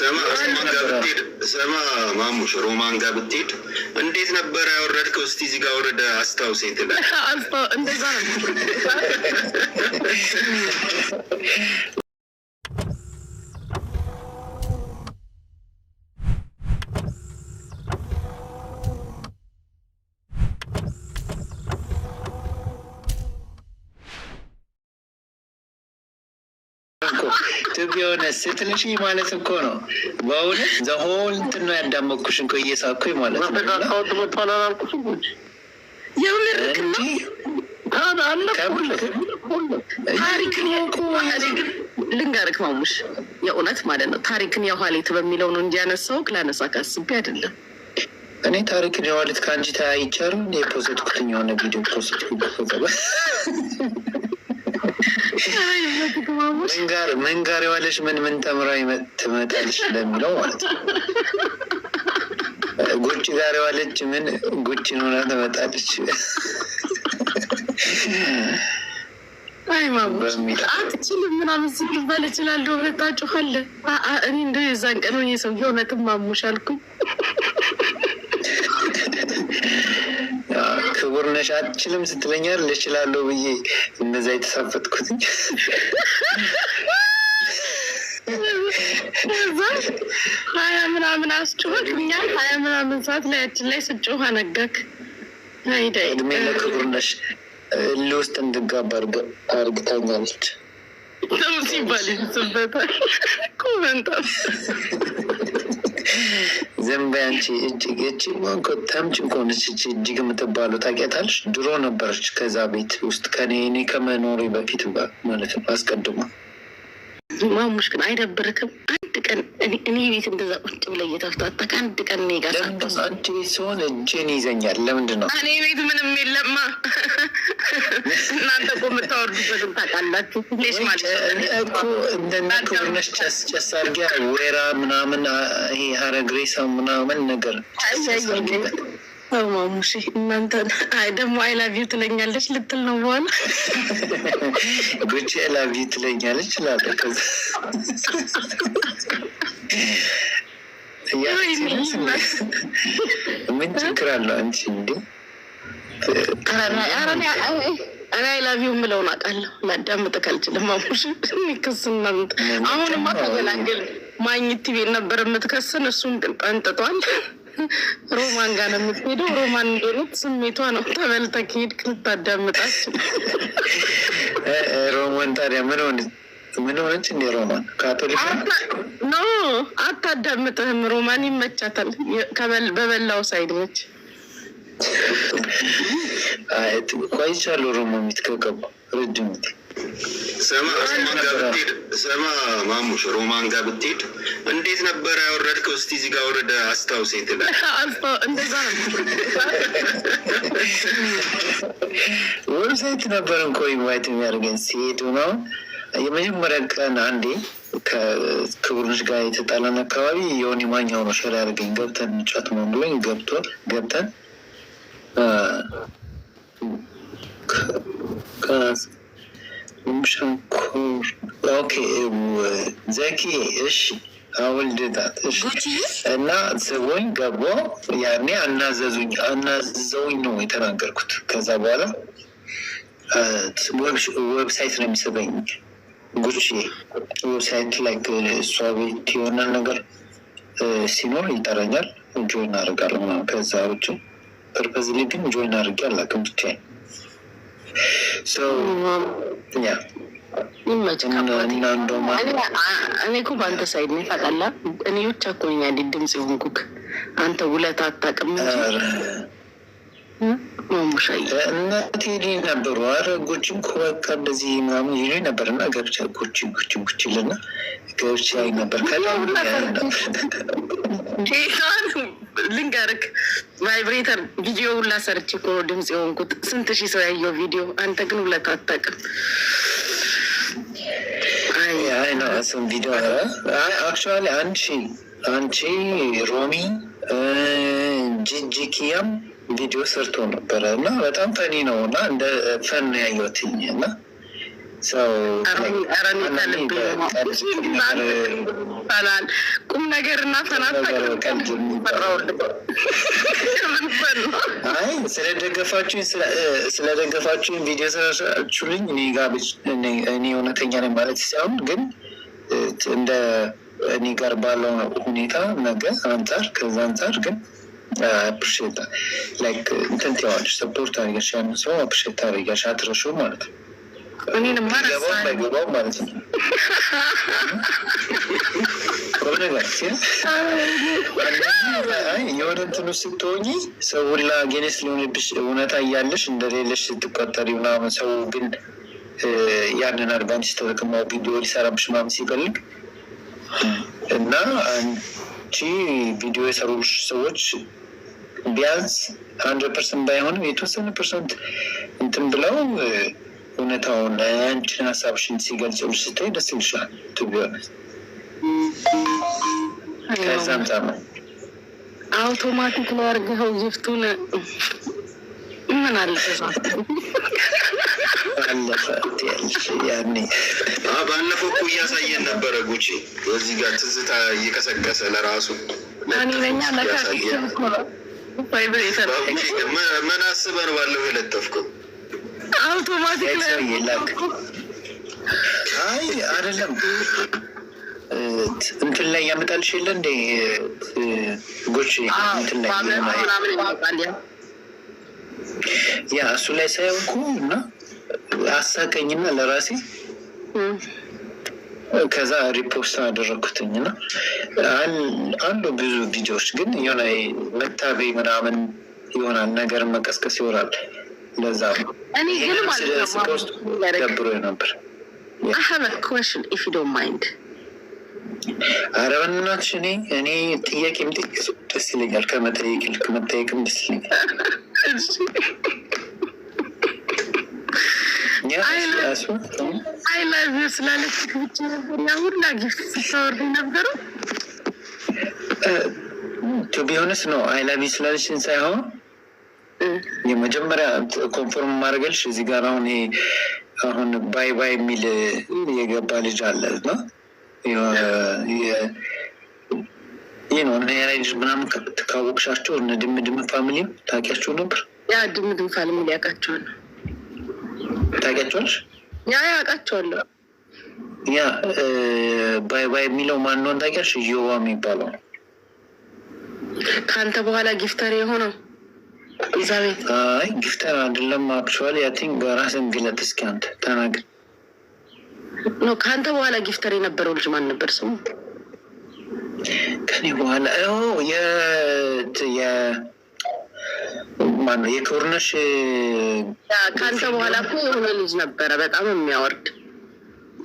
ሰማ ማሙሽ ሮማን ጋር ብትሄድ እንዴት ነበረ ያወረድከው? እስቲ እዚህ ጋር ወረደ አስታውሰኝ ትላለህ። እንደዛ ነው ቱ ቢ ኦነስት ስትልሽኝ ማለት እኮ ነው በእውነት ዘሆን እንትን ነው ያዳመኩሽ እኮ እየሳኩኝ ማለት ነው። የምርክና ታሪክን ማሙሽ የእውነት ማለት ነው። ታሪክን የኋሊት በሚለው ነው እንጂ ያነሳው ላነሳ ካስቤ አይደለም። እኔ ታሪክን የኋሊት ከአንቺ ተያይቻሉ ፖዘትኩትኝ የሆነ ቪዲዮ ፖዘትኩ ምን ጋር የዋለች ምን ምን ተምራ ትመጣለች ለሚለው ማለት ነው። ጉጭ ጋር የዋለች ምን ጉጭ ሆና ትመጣለች አትችልም ምናምን ስትባል እችላለሁ። በቃ ጮኋለ እኔ እንደ የዛን ቀን ሰው የእውነትም አሞሽ አልኩኝ። ነሽ አትችልም ስትለኛል ልችላለሁ ብዬ እነዛ የተሳፈጥኩትኝ ሀያ ምናምን አስጮህ እኛ ሀያ ምናምን ሰዓት ላያችን ላይ ስጮህ አነጋክ እድሜ ለክቡር ነሽ ልውስጥ እንድጋባ አርግታኛለች ሲባል ይስበታል ኮመንታ ዘንበ አንቺ እጅግ እጅ ተምች እንኮንች እች እጅግ የምትባለው ታውቂያታለሽ? ድሮ ነበረች ከዛ ቤት ውስጥ ከኔ እኔ ከመኖሪ በፊት ማለት ነው። አስቀድሞ ማሙሽ ግን አይደብርክም? እኔ ቤት እንደዛ ቁጭ ብለ እየተፍታታ ከአንድ ቀን እኔ ጋር አንቺ ቤት ሲሆን እጄን ይዘኛል። ለምንድን ነው እኔ ቤት ምንም የለማ። እናንተ እኮ የምታወርዱበትም ታውቃላችሁ። ሌሽ ማለት እኮ እንደነሽ ጨስ ጨስ አድርጊያ ወይራ ምናምን ይሄ ሀረግሬሳ ምናምን ነገር ጨስ ማሙሽ እናንተ አይ ደግሞ አይላቪው ትለኛለች ልትል ነው። በኋላ ጉቺ አይላቪው ትለኛለች ላለ ምን ችግር አለው? አንቺ እንዲ እኔ አይላቪው የምለውን አውቃለሁ። ላዳምጥህ አልችልም። ማሙሽ እናንተ አሁንማ ተገላገል ማግኘት ቲቪ ነበር የምትከስን እሱም ቅልጣ እንጥጧል። ሮማን ጋር ነው የምትሄደው። ሮማን እንደሆነት ስሜቷ ነው። ተበልተ ከሄድክ ልታዳምጣችሁ። ሮማን ታዲያ ምን ሆነች? ምን ሆነች? እንደ ሮማን ካቶሊክ ኖ አታዳምጥህም። ሮማን ይመቻታል። በበላው ሳይድ ነች። ቆይቻለሁ ሮማ ሚት ከገባ ረጅም ሚት ሰማ ማሙሽ ሮማን ጋር ብትሄድ እንዴት ነበረ ያወረድከው? እስቲ እዚህ ጋር ወረደ ትላለህ። ዌብሳይት ነበር እኮ ኢንቫይት የሚያደርገን ሲሄዱ ነው የመጀመሪያ ቀን አንዴ ከክብሮች ጋር የተጣላን አካባቢ የሆነ ማኛው ነው ሸር ያደርገኝ ገብተን ጫት መሆን ገብቶ ገብተን ሸንኮር ኦኬ፣ ዘኪ እሺ አወልድታት እሺ። እና ስቦኝ ገቦ ያኔ አናዘዙኝ አናዘውኝ ነው የተናገርኩት። ከዛ በኋላ ዌብሳይት ነው የሚሰጠኝ ጉቺ ዌብሳይት ላይ እሷ ቤት የሆነ ነገር ሲኖር ይጠረኛል፣ ጆይን አድርጋለሁ። ከዛ ውጭ ፐርፐዝ ግን ጆይን አድርጌ አላውቅም ብቻዬን እኔ እኮ በአንተ ሳይድ እኔ ብቻ እኮ ነኝ ድምፅ አንተ ውለታ አታውቅም እንጂ እናቴ ነበሩ አረ ጎጅም ከወቃ እንደዚህ ምናምን ይሉ ነበር እና ገብቻ ጎጅ ጎጅ ጎችል ና ገብቻ አይ ነበር ልንገርክ ቫይብሬተር ቪዲዮ ሁላ ሰርች እኮ ድምፅ የሆንኩት ስንት ሺህ ሰው ያየው ቪዲዮ። አንተ ግን ሁለት አታውቅም። አይ ነው እሱም ቪዲዮ አክቹዋሊ አንቺ አንቺ ሮሚ ጂጂኪያም ቪዲዮ ሰርቶ ነበረ እና በጣም ፈኒ ነው እና እንደ ፈን ያየትኝ እና ሰው ቁም ነገር እና አይ ስለደገፋችሁኝ ስለደገፋችሁኝ ቪዲዮ ሰራችሁልኝ እኔ ጋ እኔ እውነተኛ ነኝ ማለት ሳይሆን ግን እንደ እኔ ጋር ባለው ሁኔታ ነገ አንጻር ከዛ አንጻር ግን አፕሪሼት ላይክ እንትን ትይዋለሽ ሰፖርት አድርገሽ ያን ሰው አፕሪሼት ታደርጊያለሽ። አትረሺው ማለት ነው። የሆነ እንትን ስትሆኚ ሰው ሁላ ጌኔስ ሊሆንብሽ እውነታ እያለሽ እንደሌለሽ ስትቆጠሪ ምናምን ሰው ግን ያንን አድቫንስ ተጠቅሞ ቪዲዮ ሊሰራብሽ ምናምን ሲፈልግ እና አንቺ ቪዲዮ የሰሩብሽ ሰዎች ቢያንስ አንድ ፐርሰንት ባይሆንም የተወሰነ ፐርሰንት እንትን ብለው እውነታውን አንቺን ሀሳብሽን ሲገልጽ ስታይ ደስ ይልሻል። ትቢሆነ ከዛም ዛመ አውቶማቲክ ላይ አድርገኸው ጊፍቱን ምን አለፈ ባለፈው እኮ እያሳየን ነበረ ጉቼ በዚህ ጋር ትዝታ እየቀሰቀሰ ለራሱ ለእኛ ለካ ምን አስበህ ነው ባለው የለጠፍከው? አውቶማቲክ አይ አይደለም እንትን ላይ ያመጣልሽ የለ እንደ ጎች ያ እሱ ላይ ሳይሆን እኮ እና አሳቀኝና ለራሴ ከዛ ሪፖስት አደረግኩትኝ እና አንዱ ብዙ ቪዲዮዎች ግን የሆነ መታበይ ምናምን ይሆናል ነገር መቀስቀስ ይሆናል። ለዛ ነው ደብሮ ነበር። አረበናች እኔ እኔ ጥያቄ ጥያቄም ደስ ይለኛል ከመጠየቅ ልክ መጠየቅም ደስ ይለኛል። ስላለች ነበር ያ ሁላ ጊፍት ቱ ነው ስላለችን ሳይሆን የመጀመሪያ ኮንፎርም ማድረገልሽ እዚህ ጋር አሁን አሁን ባይ ባይ የሚል የገባ ልጅ አለ ይህ ነው እና የራይ ልጅ ምናምን እነ ድምድም ፋሚሊም ታውቂያቸው ነበር። ያ ድምድም ፋሚሊ ያውቃቸዋል። ታውቂያቸዋለሽ? አውቃቸዋለሁ። ያ ባይ ባይ የሚለው ማን ነው ታውቂያለሽ? እዮባ የሚባለው ከአንተ በኋላ ጊፍተር የሆነው ኢዛቤት። አይ ጊፍተር አይደለም አክቹዋሊ አይ ቲንክ ራስን ግለጥ እስኪ አንተ ተናግር። ኖ ከአንተ በኋላ ጊፍተር የነበረው ልጅ ማን ነበር ስሙ? ከኔ በኋላ ማነው የቶርነሽ ከአንተ በኋላ እኮ የሆነ ልጅ ነበረ በጣም የሚያወርድ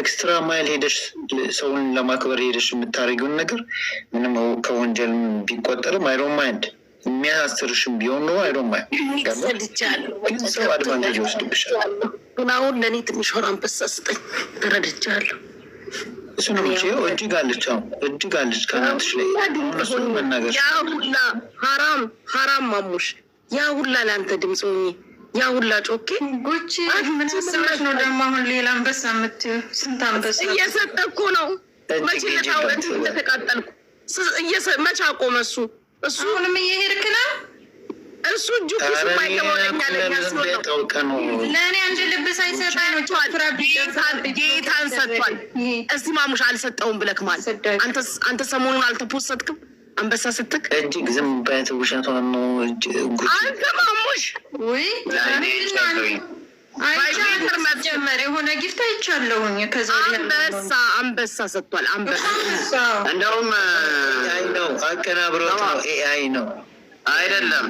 ኤክስትራ ማይል ሄደሽ ሰውን ለማክበር ሄደሽ የምታደርጊውን ነገር ምንም ከወንጀል ቢቆጠርም አይሮ ማይንድ የሚያስርሽም ቢሆን ነው። አይሮ ማይንድ ግን ሰው አድቫንቴጅ ይወስድብሻል። ግን አሁን ለእኔ ትንሽ ሆራ አንበሳ ስጠኝ፣ ተረድቻለሁ። እሱ ነው እጅግ አለች፣ አሁን እጅግ አለች ከናትሽ ላይ እሱን መናገር ያ ሁላ ሀራም ሀራም ማሙሽ ያ ሁላ ለአንተ ድምፅ ሆኜ ያ ሁላ ጮኬ ጉቺ ምን ነው ደግሞ? አሁን ሌላ አንበሳ የምትይው ስንት አንበሳ እየሰጠ እኮ ነው። መቼ ለታውረት ተቃጠልኩ። መቼ አቆመ እሱ እሱ አሁንም እየሄድክ ነው። እሱ እጁ ኪሱ ለእኔ አንድ ልብስ አይሰጣኝ ነው። ሰጥቷል። እስቲ ማሙሽ አልሰጠውም ብለክማል አንተ ሰሞኑን አልተፖሰትክም አንበሳ ስትክ እጅግ ዝም በት ውሸቷ ነው። ማሙሽ ወይ አይቻልም። መጀመሪያ የሆነ ጊፍት አይቻለሁኝ። ከዛ አንበሳ አንበሳ ሰጥቷል። አንበሳ እንደውም ነው አቀናብሮት ነው ኤአይ ነው አይደለም።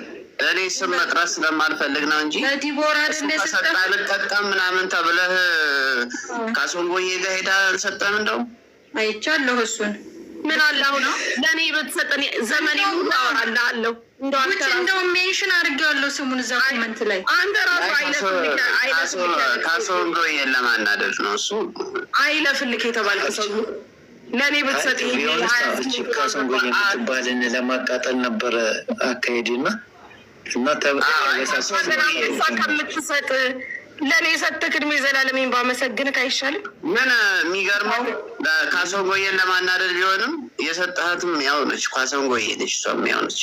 እኔ ስም መጥራት ስለማልፈልግ ነው እንጂ ዲቦራ ሰጣ ምናምን ተብለህ ካሶንጎዬ ጋር ሄዳ አልሰጠም። እንደውም አይቻለሁ እሱን ምን አለ አሁን ለእኔ በተሰጠን ዘመን ሁሉ አወራልሃለሁ። እንደው ሜንሽን አድርጌዋለሁ ስሙን እዛ ኮመንት ላይ አንተ ራሱ አይለፍልካሶ ብሎ ለማናደድ ነው እሱ አይለፍልክ የተባልክ ሰው ለእኔ ብትሰጥ ለማቃጠል ነበረ አካሄድና እና ተበሳሳ ከምትሰጥ ለእኔ የሰጠህ ቅድሜ ዘላለሜን ባመሰግንህ አይሻልም? ምን የሚገርመው ካሶንጎዬን ለማናደድ ቢሆንም የሰጠሃትም ያው ነች። ካሶንጎዬ ነች፣ እሷም ያው ነች።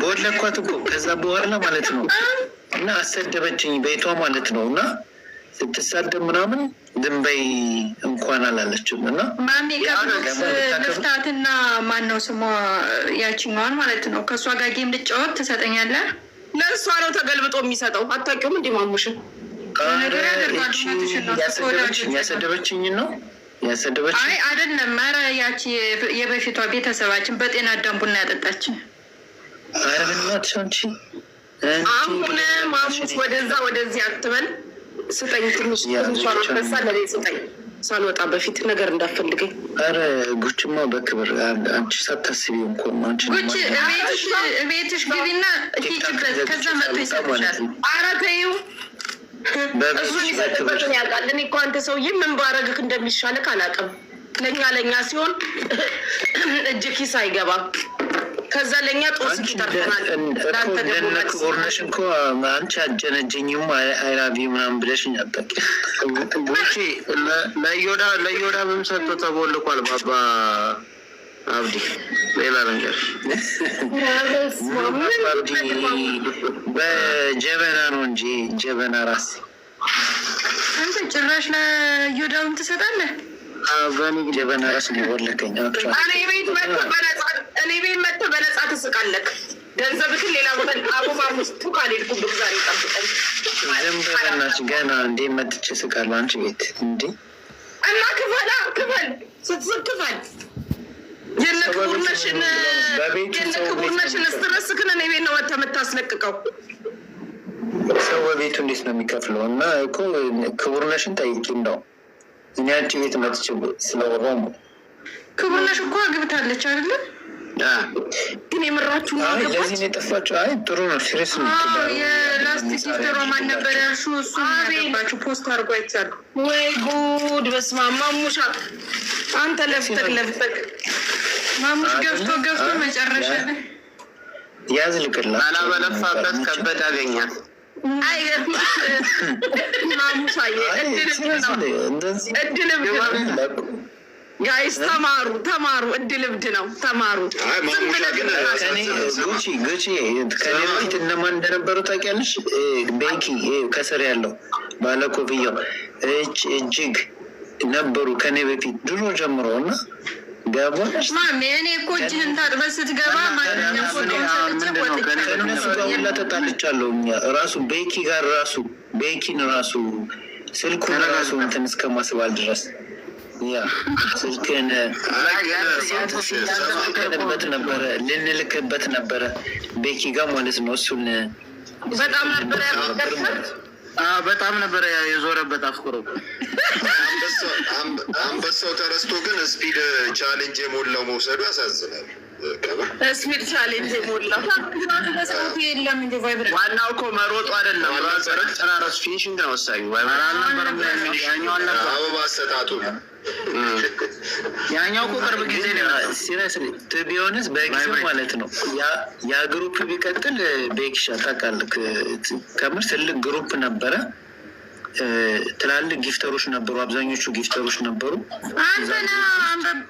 በወለኳት እኮ ከዛ በኋላ ማለት ነው። እና አሰደበችኝ ቤቷ ማለት ነው። እና ስትሳደብ ምናምን ድንበይ እንኳን አላለችም። እና ማሚ ልፍታትና ማን ነው ስሟ ያችኛዋን ማለት ነው። ከእሷ ጋር ጌም ልጫወት ትሰጠኛለህ። ለእሷ ነው ተገልብጦ የሚሰጠው። አታውቂውም እንዲህ ማሙሽን ያሰደበችኝ ያሰደበችኝ ነው ያሰደበችኝ። አይ አይደለም፣ ኧረ ያቺ የበፊቷ ቤተሰባችን በጤና አዳም ቡና ያጠጣችን። ኧረ በእናትሽ አንቺ አሁን ማሙት ወደዛ ወደዚህ አትበል። ስጠኝ ትንሽ ሳሳ ለኔ ስጠኝ፣ ሳልወጣ በፊት ነገር እንዳፈልገኝ። ኧረ ጉችማ በክብር አንቺ ሳታስቢ እንኳን አንቺ ጉች ቤትሽ ግቢና ሂጭበት፣ ከዛ መጥቶ ይሰጥሻል። ኧረ ተይው እሱ ይሰጥበትን ያውቃል። እኔ እኮ አንተ ሰውዬ ምን ባረግህ እንደሚሻልህ አላውቅም። ለእኛ ለእኛ ሲሆን እጅ ኪስ አይገባም። ከዛ ለእኛ ጦስ ይጠርፈናል። እንደነ እኮ አንቺ አጀነጅኝም አይራቢ ምናምን ብለሽኝ አጠቂ ለዮዳ ለዮዳ ምም ሰጥቶ ተቦልኳል ባባ አብዲ ሌላ ነገር በጀበና ነው እንጂ ጀበና ራስ አንተ ጭራሽ ለዮዳውን ትሰጣለህ። ጀበና ራስ ሊወለቀኝ እኔ ቤት መጥተህ በነፃ ትስቃለህ። ገንዘብህን ሌላ ቦታ አቦባ ውስጡ ካልሄድኩብህ ዛሬ ጠብቀኝ። ዘንበናች ገና እንዴ መጥቼ ስቃለሁ። አንቺ ቤት እንዴ እና ክፈላ ክፈል ስትስብ ክፈል የነ ክቡርነሽን የነ ክቡርነሽን ስትረስ ግን እኔ ቤት ነው መታ የምታስለቅቀው። ሰው በቤቱ እንዴት ነው የሚከፍለው? እና እኮ ክቡርነሽን ጠይቂም ነው እኔ አንቺ ቤት መጥቼ ስለወራሁ ክቡርነሽ እኮ አግብታለች አይደለም ግን የምራችሁ ለዚህ የጠፋችሁ አይ ጥሩ ነው። ሲሪየስ የላስት ሲስተሯ ማን ነበር ያልሺው? እሱ ያገባችሁ ፖስት አድርጎ አይቻሉ ወይ ጉድ! በስመ አብ ማሙሻ፣ አንተ ለፍተህ ለፍተህ ማሙሽ ገብቶ ገብቶ መጨረሻ ያዝ ልቅላ ባላበለፋበት ከበድ አገኛል። ጋይስ ተማሩ ተማሩ፣ እድል ነው። ተማሩ ከኔ በፊት እነማን እንደነበሩ ታውቂያለሽ? ቤኪ ከስር ያለው ባለ እጅ እጅግ ነበሩ ከኔ በፊት ድሮ ጀምሮ እና እኔ እኮ እጅህን ታጥበህ ስትገባ ሁላ ተጣልቻለሁ። ራሱ ቤኪ ጋር ራሱ ቤኪን ራሱ ስልኩ ራሱ እንትን እስከማስባል ድረስ ያ ልንልክበት ነበረ ልንልክበት ነበረ ቤኪ ጋር ማለት ነው እሱን በጣም ነበር በጣም ነበረ የዞረበት አፍቅሮ አንበሳው ተረስቶ ግን ስፒድ ቻሌንጅ የሞላው መውሰዱ ያሳዝናል። ስፒድ ቻሌንጅ ዋናው እኮ መሮጡ አይደለም። ፊኒሽንግ ነው ወሳኙ። አበባ አሰጣጡ ያኛው እኮ ቅርብ ጊዜ ቢሆንስ ማለት ነው። ያ ግሩፕ ቢቀጥል ቤኪሻ ታውቃለህ፣ ከምር ትልቅ ግሩፕ ነበረ። ትላልቅ ጊፍተሮች ነበሩ። አብዛኞቹ ጊፍተሮች ነበሩ። አንተና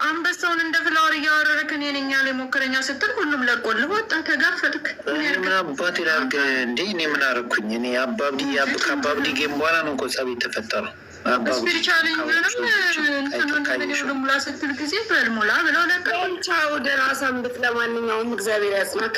አንበሳውን እንደ ፍላወር እያወረርክ እኔ ነኝ ያለ የሞከረኛ ስትል ሁሉም ለቆል ወጣ፣ ተጋፈጥክ። ምን አባቴ ላድርግ እንዲ እኔ ምን አረኩኝ? እኔ አባብዲ ከአባብዲ ጌም በኋላ ነው እኮ ጸብ የተፈጠረው። ስፒሪቻልሙላ ስትል ጊዜ በልሙላ ብለው ለቀቻ ወደ ራሳን ብት ለማንኛውም እግዚአብሔር ያጽናክ።